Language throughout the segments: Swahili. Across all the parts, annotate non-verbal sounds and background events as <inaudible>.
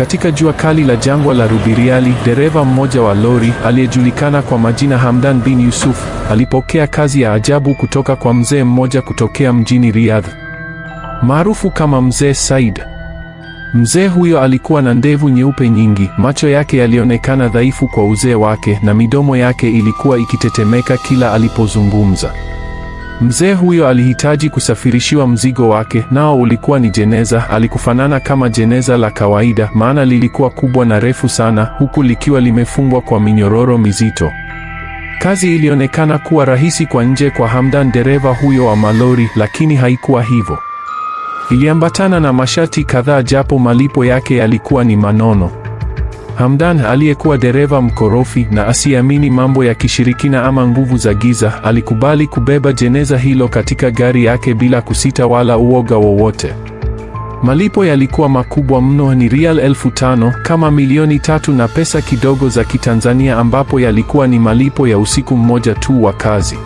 Katika jua kali la jangwa la Rubiriali, dereva mmoja wa lori aliyejulikana kwa majina Hamdan bin Yusuf alipokea kazi ya ajabu kutoka kwa mzee mmoja kutokea mjini Riyadh, maarufu kama Mzee Said. Mzee huyo alikuwa na ndevu nyeupe nyingi, macho yake yalionekana dhaifu kwa uzee wake na midomo yake ilikuwa ikitetemeka kila alipozungumza. Mzee huyo alihitaji kusafirishiwa mzigo wake, nao ulikuwa ni jeneza. Alikufanana kama jeneza la kawaida, maana lilikuwa kubwa na refu sana, huku likiwa limefungwa kwa minyororo mizito. Kazi ilionekana kuwa rahisi kwa nje kwa Hamdan, dereva huyo wa malori, lakini haikuwa hivyo. Iliambatana na masharti kadhaa, japo malipo yake yalikuwa ni manono. Hamdan aliyekuwa dereva mkorofi na asiamini mambo ya kishirikina ama nguvu za giza, alikubali kubeba jeneza hilo katika gari yake bila kusita wala uoga wowote. Malipo yalikuwa makubwa mno, ni rial elfu tano kama milioni tatu na pesa kidogo za Kitanzania, ambapo yalikuwa ni malipo ya usiku mmoja tu wa kazi.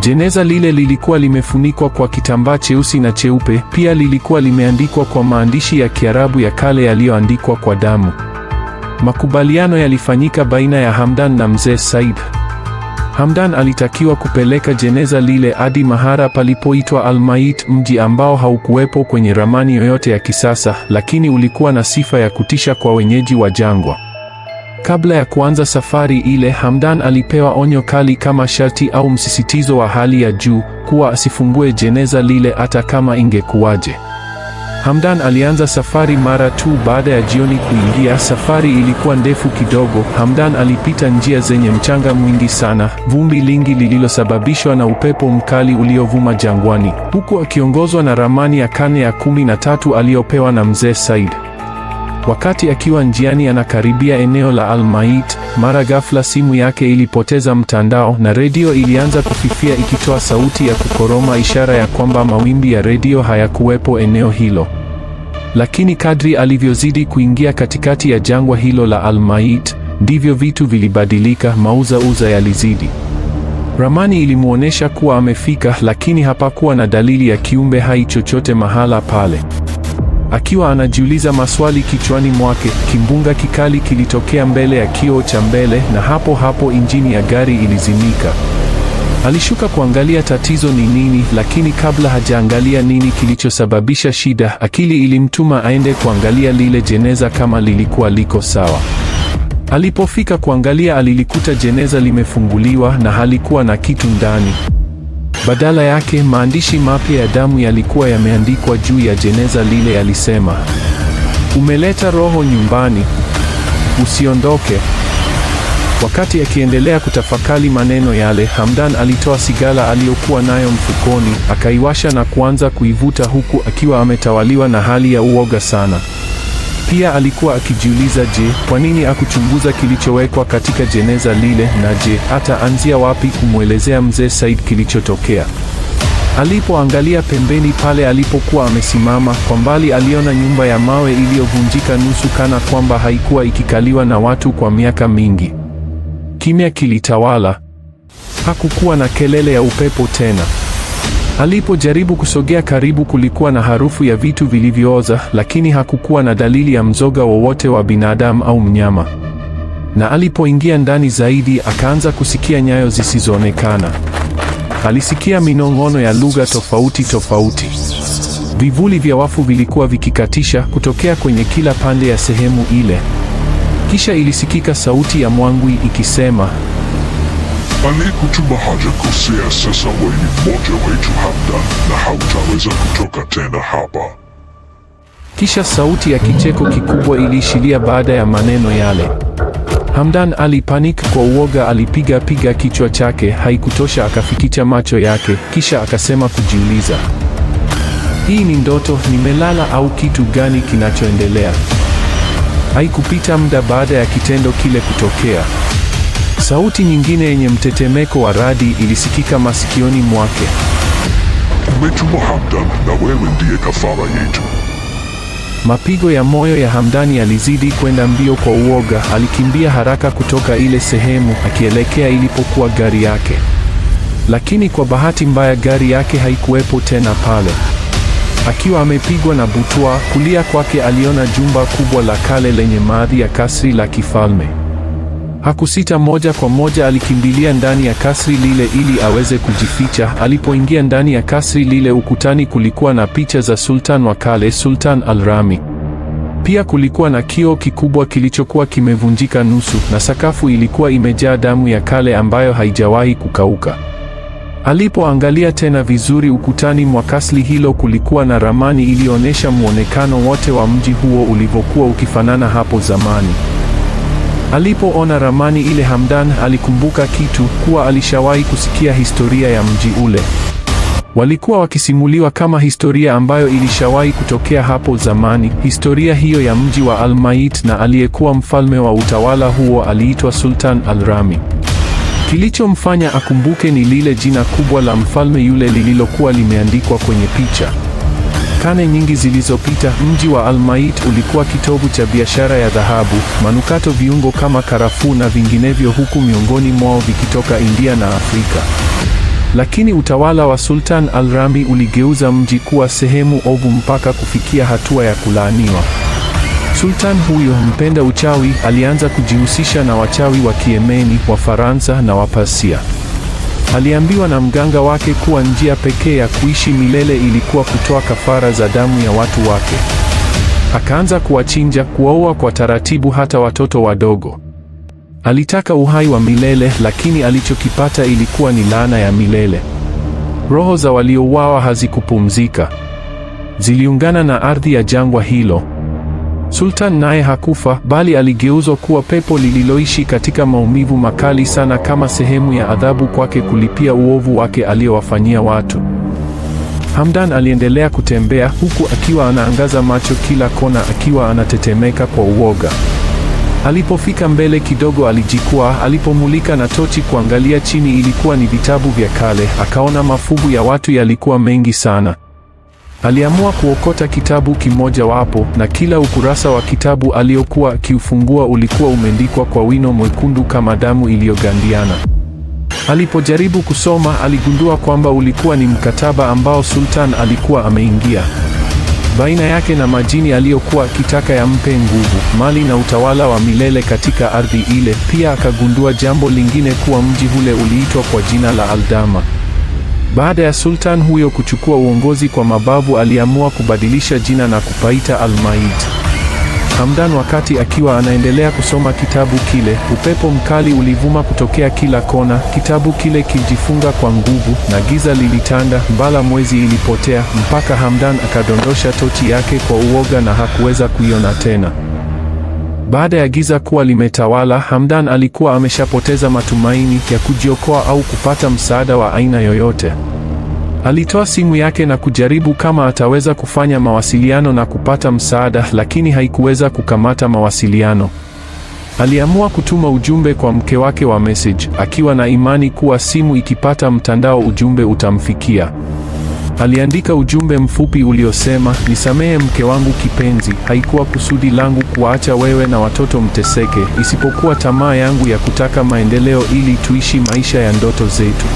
Jeneza lile lilikuwa limefunikwa kwa kitambaa cheusi na cheupe, pia lilikuwa limeandikwa kwa maandishi ya Kiarabu ya kale yaliyoandikwa kwa damu. Makubaliano yalifanyika baina ya Hamdan na mzee Saib. Hamdan alitakiwa kupeleka jeneza lile hadi mahara palipoitwa Almait, mji ambao haukuwepo kwenye ramani yoyote ya kisasa, lakini ulikuwa na sifa ya kutisha kwa wenyeji wa jangwa. Kabla ya kuanza safari ile, Hamdan alipewa onyo kali kama sharti au msisitizo wa hali ya juu kuwa asifungue jeneza lile hata kama ingekuwaje. Hamdan alianza safari mara tu baada ya jioni kuingia. Safari ilikuwa ndefu kidogo. Hamdan alipita njia zenye mchanga mwingi sana, vumbi lingi lililosababishwa na upepo mkali uliovuma jangwani, huku akiongozwa na ramani ya kane ya kumi na tatu aliyopewa na mzee Said. Wakati akiwa njiani anakaribia eneo la Almait, mara ghafla simu yake ilipoteza mtandao na redio ilianza kufifia ikitoa sauti ya kukoroma, ishara ya kwamba mawimbi ya redio hayakuwepo eneo hilo. Lakini kadri alivyozidi kuingia katikati ya jangwa hilo la Almait, ndivyo vitu vilibadilika, mauza uza yalizidi. Ramani ilimwonyesha kuwa amefika, lakini hapakuwa na dalili ya kiumbe hai chochote mahala pale. Akiwa anajiuliza maswali kichwani mwake, kimbunga kikali kilitokea mbele ya kioo cha mbele na hapo hapo injini ya gari ilizimika. Alishuka kuangalia tatizo ni nini, lakini kabla hajaangalia nini kilichosababisha shida, akili ilimtuma aende kuangalia lile jeneza kama lilikuwa liko sawa. Alipofika kuangalia, alilikuta jeneza limefunguliwa na halikuwa na kitu ndani. Badala yake, maandishi mapya ya damu yalikuwa yameandikwa juu ya jeneza lile, yalisema, umeleta roho nyumbani, usiondoke. Wakati akiendelea kutafakari maneno yale, Hamdan alitoa sigara aliyokuwa nayo mfukoni, akaiwasha na kuanza kuivuta huku akiwa ametawaliwa na hali ya uoga sana. Pia alikuwa akijiuliza je, kwa nini akuchunguza kilichowekwa katika jeneza lile, na je, ataanzia wapi kumwelezea mzee Said kilichotokea? Alipoangalia pembeni pale alipokuwa amesimama, kwa mbali aliona nyumba ya mawe iliyovunjika nusu, kana kwamba haikuwa ikikaliwa na watu kwa miaka mingi. Kimya kilitawala. Hakukuwa na kelele ya upepo tena. Alipojaribu kusogea karibu, kulikuwa na harufu ya vitu vilivyooza, lakini hakukuwa na dalili ya mzoga wowote wa, binadamu au mnyama. Na alipoingia ndani zaidi, akaanza kusikia nyayo zisizoonekana. Alisikia minong'ono ya lugha tofauti tofauti. Vivuli vya wafu vilikuwa vikikatisha kutokea kwenye kila pande ya sehemu ile. Kisha ilisikika sauti ya mwangwi ikisema haja hajakosea. Sasa wewe mmoja wetu hamdan na hautaweza kutoka tena hapa. Kisha sauti ya kicheko kikubwa iliishilia baada ya maneno yale. Hamdan alipanik kwa uoga, alipiga piga kichwa chake. Haikutosha, akafikicha macho yake, kisha akasema kujiuliza, hii ni ndoto, nimelala au kitu gani kinachoendelea? Haikupita muda baada ya kitendo kile kutokea. Sauti nyingine yenye mtetemeko wa radi ilisikika masikioni mwake. Umetumwa Hamdan, na wewe ndiye kafara yetu. Mapigo ya moyo ya Hamdani yalizidi kwenda mbio kwa uoga. Alikimbia haraka kutoka ile sehemu akielekea ilipokuwa gari yake, lakini kwa bahati mbaya gari yake haikuwepo tena pale. Akiwa amepigwa na butwa, kulia kwake aliona jumba kubwa la kale lenye maadhi ya kasri la kifalme. Hakusita moja kwa moja alikimbilia ndani ya kasri lile ili aweze kujificha. Alipoingia ndani ya kasri lile, ukutani kulikuwa na picha za sultan wa kale, Sultan alrami Pia kulikuwa na kioo kikubwa kilichokuwa kimevunjika nusu, na sakafu ilikuwa imejaa damu ya kale ambayo haijawahi kukauka. Alipoangalia tena vizuri, ukutani mwa kasri hilo kulikuwa na ramani iliyoonyesha muonekano wote wa mji huo ulivyokuwa ukifanana hapo zamani. Alipoona ramani ile, Hamdan alikumbuka kitu, kuwa alishawahi kusikia historia ya mji ule. Walikuwa wakisimuliwa kama historia ambayo ilishawahi kutokea hapo zamani. Historia hiyo ya mji wa Almait na aliyekuwa mfalme wa utawala huo aliitwa Sultan Al-Rami. Kilichomfanya akumbuke ni lile jina kubwa la mfalme yule lililokuwa limeandikwa kwenye picha. Karne nyingi zilizopita, mji wa Almait ulikuwa kitovu cha biashara ya dhahabu, manukato, viungo kama karafuu na vinginevyo, huku miongoni mwao vikitoka India na Afrika. Lakini utawala wa Sultan al uligeuza mji kuwa sehemu ovu mpaka kufikia hatua ya kulaaniwa. Sultan huyo mpenda uchawi alianza kujihusisha na wachawi wa Kiemeni, Wafaransa na Wapasia. Aliambiwa na mganga wake kuwa njia pekee ya kuishi milele ilikuwa kutoa kafara za damu ya watu wake. Akaanza kuwachinja, kuwaua kwa taratibu, hata watoto wadogo. Alitaka uhai wa milele, lakini alichokipata ilikuwa ni laana ya milele. Roho za waliouawa hazikupumzika, ziliungana na ardhi ya jangwa hilo. Sultan naye hakufa bali aligeuzwa kuwa pepo lililoishi katika maumivu makali sana kama sehemu ya adhabu kwake kulipia uovu wake aliyowafanyia watu. Hamdan aliendelea kutembea huku akiwa anaangaza macho kila kona, akiwa anatetemeka kwa uoga. Alipofika mbele kidogo, alijikwaa. Alipomulika na tochi kuangalia chini, ilikuwa ni vitabu vya kale. Akaona mafuvu ya watu yalikuwa mengi sana. Aliamua kuokota kitabu kimoja wapo, na kila ukurasa wa kitabu aliokuwa akiufungua ulikuwa umeandikwa kwa wino mwekundu kama damu iliyogandiana. Alipojaribu kusoma, aligundua kwamba ulikuwa ni mkataba ambao Sultan alikuwa ameingia baina yake na majini aliyokuwa akitaka yampe nguvu, mali na utawala wa milele katika ardhi ile. Pia akagundua jambo lingine, kuwa mji ule uliitwa kwa jina la Aldama. Baada ya sultan huyo kuchukua uongozi kwa mabavu, aliamua kubadilisha jina na kupaita Almaid. Hamdan wakati akiwa anaendelea kusoma kitabu kile, upepo mkali ulivuma kutokea kila kona, kitabu kile kilijifunga kwa nguvu na giza lilitanda. Mbala mwezi ilipotea mpaka Hamdan akadondosha tochi yake kwa uoga na hakuweza kuiona tena. Baada ya giza kuwa limetawala, Hamdan alikuwa ameshapoteza matumaini ya kujiokoa au kupata msaada wa aina yoyote. Alitoa simu yake na kujaribu kama ataweza kufanya mawasiliano na kupata msaada, lakini haikuweza kukamata mawasiliano. Aliamua kutuma ujumbe kwa mke wake wa message, akiwa na imani kuwa simu ikipata mtandao ujumbe utamfikia. Aliandika ujumbe mfupi uliosema, nisamehe mke wangu kipenzi, haikuwa kusudi langu kuwaacha wewe na watoto mteseke, isipokuwa tamaa yangu ya kutaka maendeleo ili tuishi maisha ya ndoto zetu.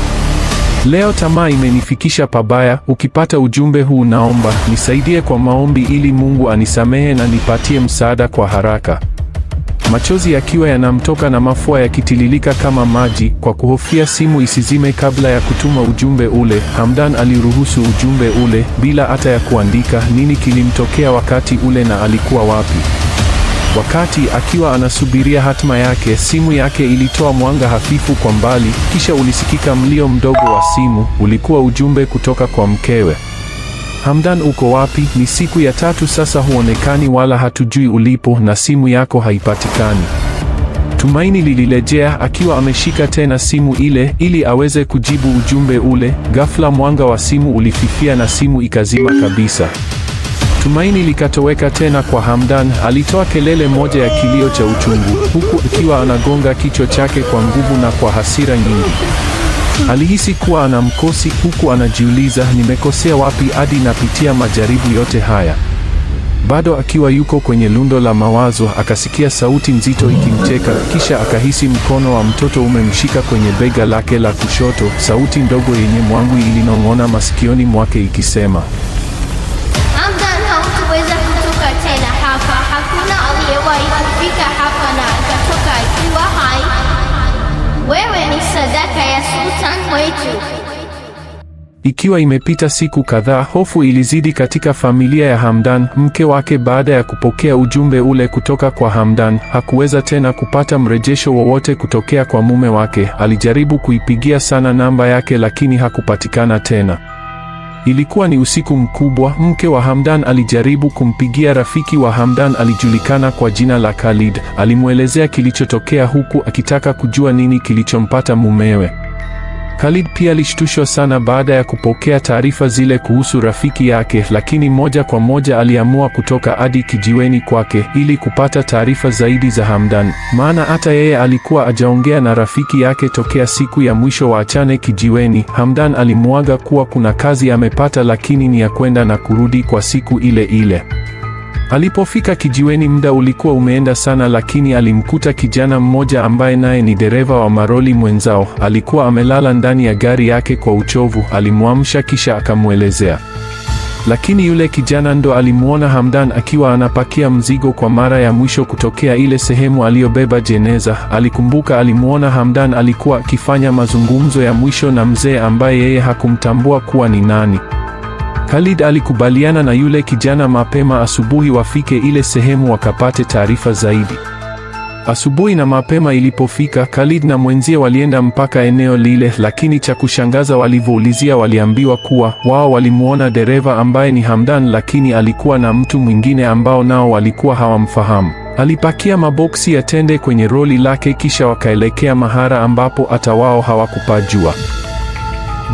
Leo tamaa imenifikisha pabaya. Ukipata ujumbe huu, naomba nisaidie kwa maombi ili Mungu anisamehe na nipatie msaada kwa haraka machozi yakiwa yanamtoka na mafua yakitililika kama maji. Kwa kuhofia simu isizime kabla ya kutuma ujumbe ule, Hamdan aliruhusu ujumbe ule bila hata ya kuandika nini kilimtokea wakati ule na alikuwa wapi. Wakati akiwa anasubiria hatima yake, simu yake ilitoa mwanga hafifu kwa mbali, kisha ulisikika mlio mdogo wa simu. Ulikuwa ujumbe kutoka kwa mkewe. Hamdan uko wapi? Ni siku ya tatu sasa, huonekani wala hatujui ulipo na simu yako haipatikani. Tumaini lililejea akiwa ameshika tena simu ile ili aweze kujibu ujumbe ule. Ghafla mwanga wa simu ulififia na simu ikazima kabisa. Tumaini likatoweka tena kwa Hamdan. Alitoa kelele moja ya kilio cha uchungu, huku akiwa anagonga kichwa chake kwa nguvu na kwa hasira nyingi. Alihisi kuwa ana mkosi, huku anajiuliza nimekosea wapi hadi napitia majaribu yote haya. Bado akiwa yuko kwenye lundo la mawazo, akasikia sauti nzito ikimcheka, kisha akahisi mkono wa mtoto umemshika kwenye bega lake la kushoto, sauti ndogo yenye mwangwi ilinong'ona masikioni mwake ikisema ni sadaka ya wetu. Ikiwa imepita siku kadhaa, hofu ilizidi katika familia ya Hamdan. Mke wake, baada ya kupokea ujumbe ule kutoka kwa Hamdan, hakuweza tena kupata mrejesho wowote kutokea kwa mume wake. Alijaribu kuipigia sana namba yake, lakini hakupatikana tena. Ilikuwa ni usiku mkubwa. Mke wa Hamdan alijaribu kumpigia rafiki wa Hamdan alijulikana kwa jina la Khalid. Alimwelezea kilichotokea huku akitaka kujua nini kilichompata mumewe. Khalid pia alishtushwa sana baada ya kupokea taarifa zile kuhusu rafiki yake, lakini moja kwa moja aliamua kutoka hadi kijiweni kwake ili kupata taarifa zaidi za Hamdan, maana hata yeye alikuwa ajaongea na rafiki yake tokea siku ya mwisho waachane kijiweni. Hamdan alimwaga kuwa kuna kazi amepata, lakini ni ya kwenda na kurudi kwa siku ile ile. Alipofika kijiweni, muda ulikuwa umeenda sana, lakini alimkuta kijana mmoja ambaye naye ni dereva wa maroli mwenzao. Alikuwa amelala ndani ya gari yake kwa uchovu. Alimwamsha kisha akamwelezea, lakini yule kijana ndo alimwona Hamdan akiwa anapakia mzigo kwa mara ya mwisho kutokea ile sehemu aliyobeba jeneza. Alikumbuka alimwona Hamdan alikuwa akifanya mazungumzo ya mwisho na mzee ambaye yeye hakumtambua kuwa ni nani. Khalid alikubaliana na yule kijana mapema asubuhi wafike ile sehemu wakapate taarifa zaidi. Asubuhi na mapema ilipofika, Khalid na mwenzie walienda mpaka eneo lile, lakini cha kushangaza walivyoulizia waliambiwa kuwa wao walimwona dereva ambaye ni Hamdan, lakini alikuwa na mtu mwingine ambao nao walikuwa hawamfahamu. Alipakia maboksi ya tende kwenye roli lake kisha wakaelekea mahara ambapo hata wao hawakupajua.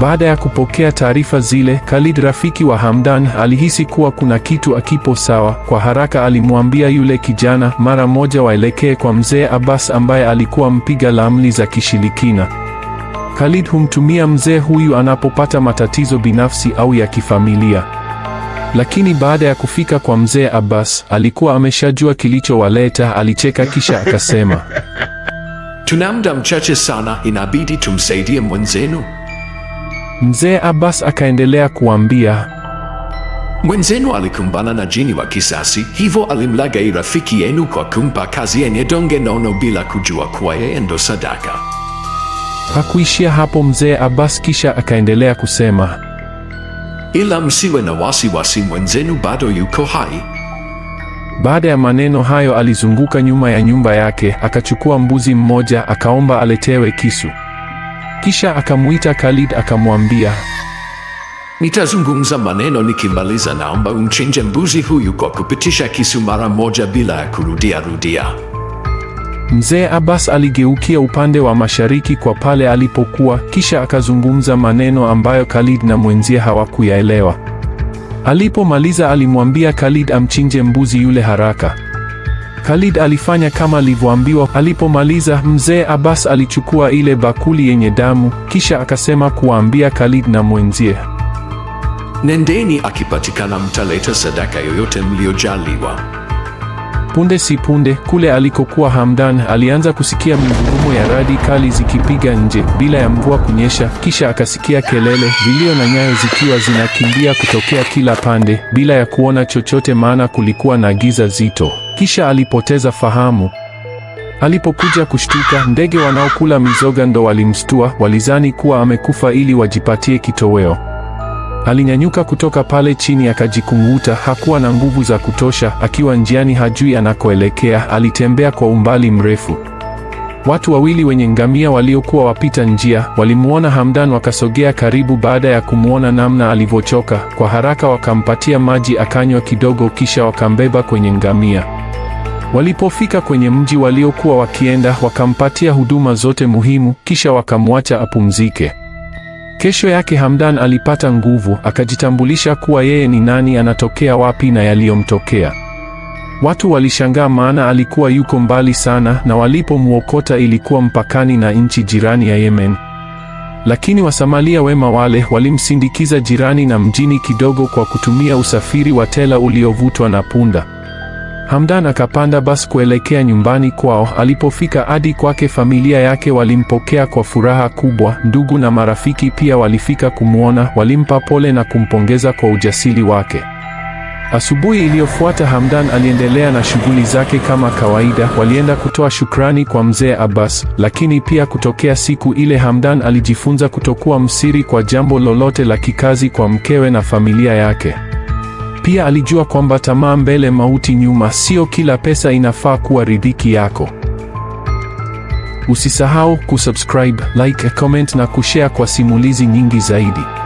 Baada ya kupokea taarifa zile, Khalid rafiki wa Hamdan alihisi kuwa kuna kitu akipo sawa. Kwa haraka alimwambia yule kijana mara moja waelekee kwa mzee Abbas ambaye alikuwa mpiga lamli za kishirikina. Khalid humtumia mzee huyu anapopata matatizo binafsi au ya kifamilia. Lakini baada ya kufika kwa mzee Abbas, alikuwa ameshajua kilichowaleta. Alicheka kisha akasema, <laughs> tuna muda mchache sana, inabidi tumsaidie mwenzenu. Mzee Abbas akaendelea kuambia, mwenzenu alikumbana na jini wa kisasi, hivyo alimlagai rafiki yenu kwa kumpa kazi yenye donge nono bila kujua kuwa yeye ndo sadaka. Hakuishia hapo mzee Abbas, kisha akaendelea kusema, ila msiwe na wasiwasi, mwenzenu bado yuko hai. Baada ya maneno hayo, alizunguka nyuma ya nyumba yake akachukua mbuzi mmoja, akaomba aletewe kisu. Kisha akamwita Khalid akamwambia, nitazungumza maneno nikimaliza, naomba umchinje mbuzi huyu kwa kupitisha kisu mara moja bila ya kurudia rudia. Mzee Abbas aligeukia upande wa mashariki kwa pale alipokuwa, kisha akazungumza maneno ambayo Khalid na mwenzie hawakuyaelewa. Alipomaliza alimwambia Khalid amchinje mbuzi yule haraka. Khalid alifanya kama alivyoambiwa. Alipomaliza, mzee Abbas alichukua ile bakuli yenye damu, kisha akasema kuwaambia Khalid na mwenzie, nendeni, akipatikana mtaleta sadaka yoyote mliojaliwa. Punde si punde, kule alikokuwa Hamdan alianza kusikia mgurumo ya radi kali zikipiga nje bila ya mvua kunyesha, kisha akasikia kelele, vilio na nyayo zikiwa zinakimbia kutokea kila pande bila ya kuona chochote, maana kulikuwa na giza zito. Kisha alipoteza fahamu. Alipokuja kushtuka, ndege wanaokula mizoga ndo walimstua, walizani kuwa amekufa ili wajipatie kitoweo. Alinyanyuka kutoka pale chini akajikung'uta. Hakuwa na nguvu za kutosha. Akiwa njiani, hajui anakoelekea, alitembea kwa umbali mrefu. Watu wawili wenye ngamia waliokuwa wapita njia walimwona Hamdan, wakasogea karibu. Baada ya kumwona namna alivyochoka, kwa haraka wakampatia maji akanywa kidogo, kisha wakambeba kwenye ngamia. Walipofika kwenye mji waliokuwa wakienda, wakampatia huduma zote muhimu, kisha wakamwacha apumzike. Kesho yake Hamdan alipata nguvu, akajitambulisha kuwa yeye ni nani, anatokea wapi na yaliyomtokea. Watu walishangaa maana alikuwa yuko mbali sana, na walipomwokota ilikuwa mpakani na nchi jirani ya Yemen. Lakini Wasamalia wema wale walimsindikiza jirani na mjini kidogo kwa kutumia usafiri wa tela uliovutwa na punda. Hamdan akapanda basi kuelekea nyumbani kwao. Alipofika hadi kwake, familia yake walimpokea kwa furaha kubwa. Ndugu na marafiki pia walifika kumwona, walimpa pole na kumpongeza kwa ujasiri wake. Asubuhi iliyofuata Hamdan aliendelea na shughuli zake kama kawaida. Walienda kutoa shukrani kwa mzee Abbas, lakini pia kutokea siku ile Hamdan alijifunza kutokuwa msiri kwa jambo lolote la kikazi kwa mkewe na familia yake. Pia alijua kwamba tamaa mbele, mauti nyuma. Sio kila pesa inafaa kuwa riziki yako. Usisahau kusubscribe, like, comment na kushare kwa simulizi nyingi zaidi.